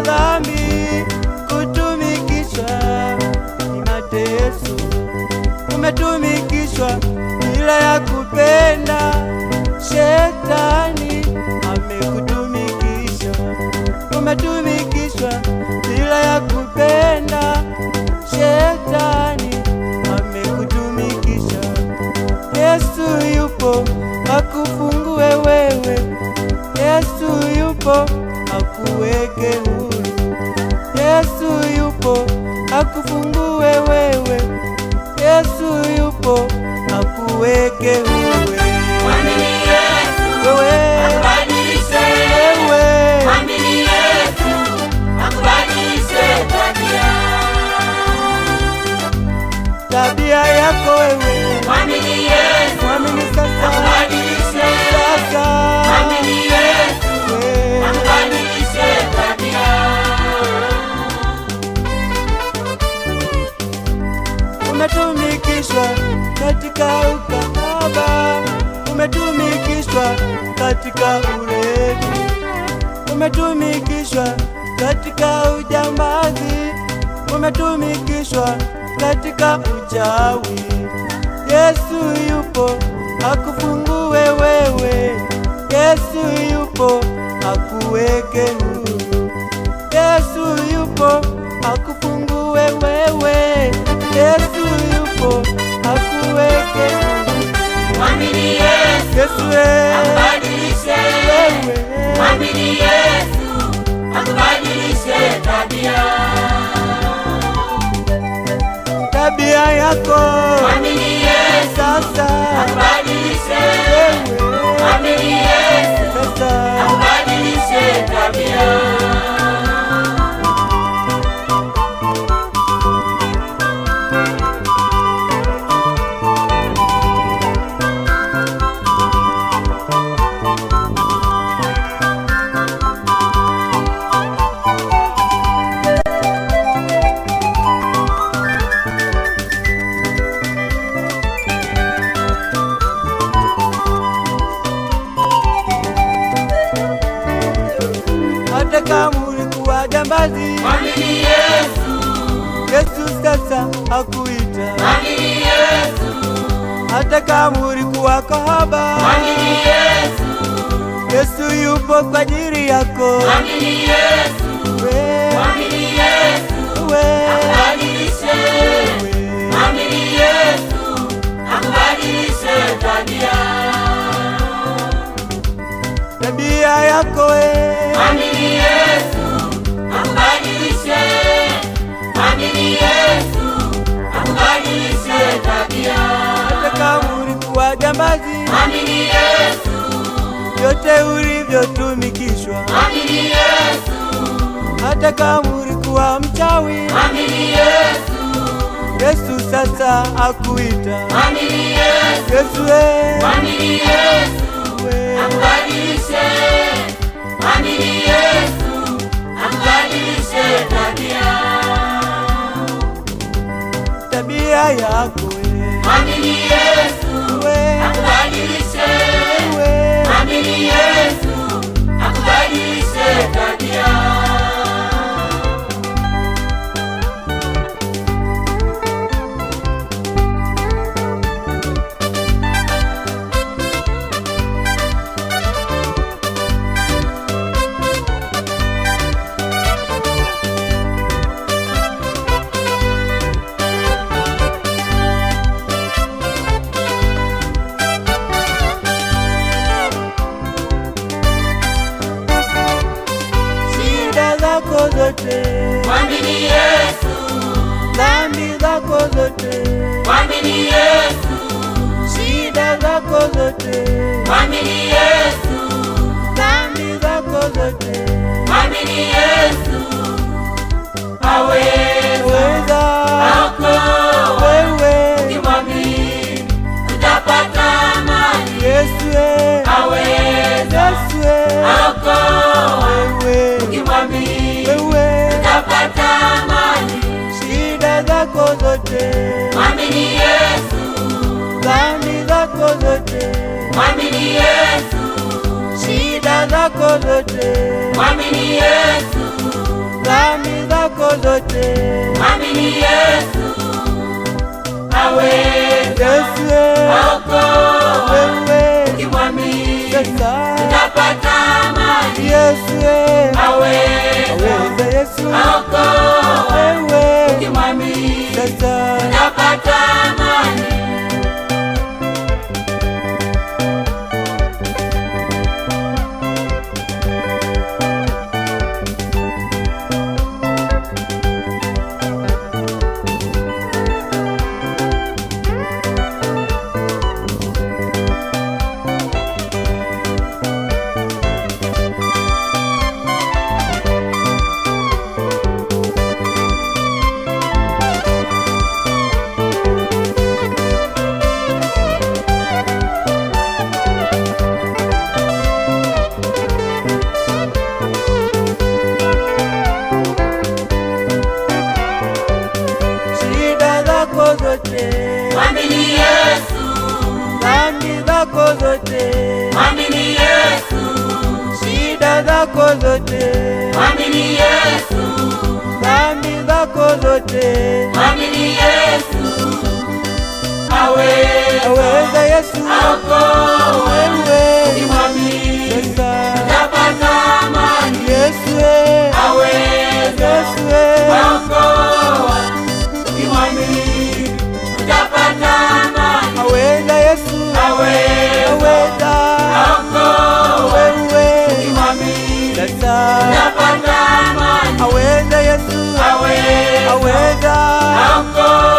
dhambi kutumikishwa ni mateso, umetumikishwa bila ya kupenda. Shetani amekutumikisha, umetumikishwa bila ya kupenda. Shetani amekutumikisha. Yesu yupo akufungue wewe, Yesu yupo akuweke akufungue wewe. Yesu yupo akuweke uwe umetumikishwa katika ujambazi, umetumikishwa katika uchawi. Yesu yupo akufungue wewe, Yesu yupo akuweke huru, Yesu yupo akufungue wewe, Yesu yupo akuweke huru. Mwamini Yesu, Yesu ambaye Mwaka mulikuwa jambazi, mwamini Yesu. Yesu sasa hakuita, mwamini Yesu. Hata kama ulikuwa kahaba, mwamini Yesu. Yesu yupo kwa ajili yako, mwamini Yesu. We, njia yako e. Amini Yesu akubadilishe, amini Yesu akubadilishe tabia. Hata kama ulikuwa jambazi, amini Yesu vyote ulivyotumikishwa, amini Yesu hata kama ulikuwa mchawi, amini Yesu Yesu sasa akuita, amini Yesu Yesu, e. amini Yesu zote mwamini Yesu, dhambi zako zote mwamini Yesu, shida zako zote mwamini Yesu, dhambi zako zote mwamini Yesu, aweza wokoa ukimwamini utapata amani. Aweza wokoa wewe you mind me. That's zako zote, mwamini Yesu. Dhambi zako zote, mwamini Yesu. Shida zako zote, mwamini Yesu. Dhambi zako zote, mwamini Yesu. Aweza Yesu Malcolm.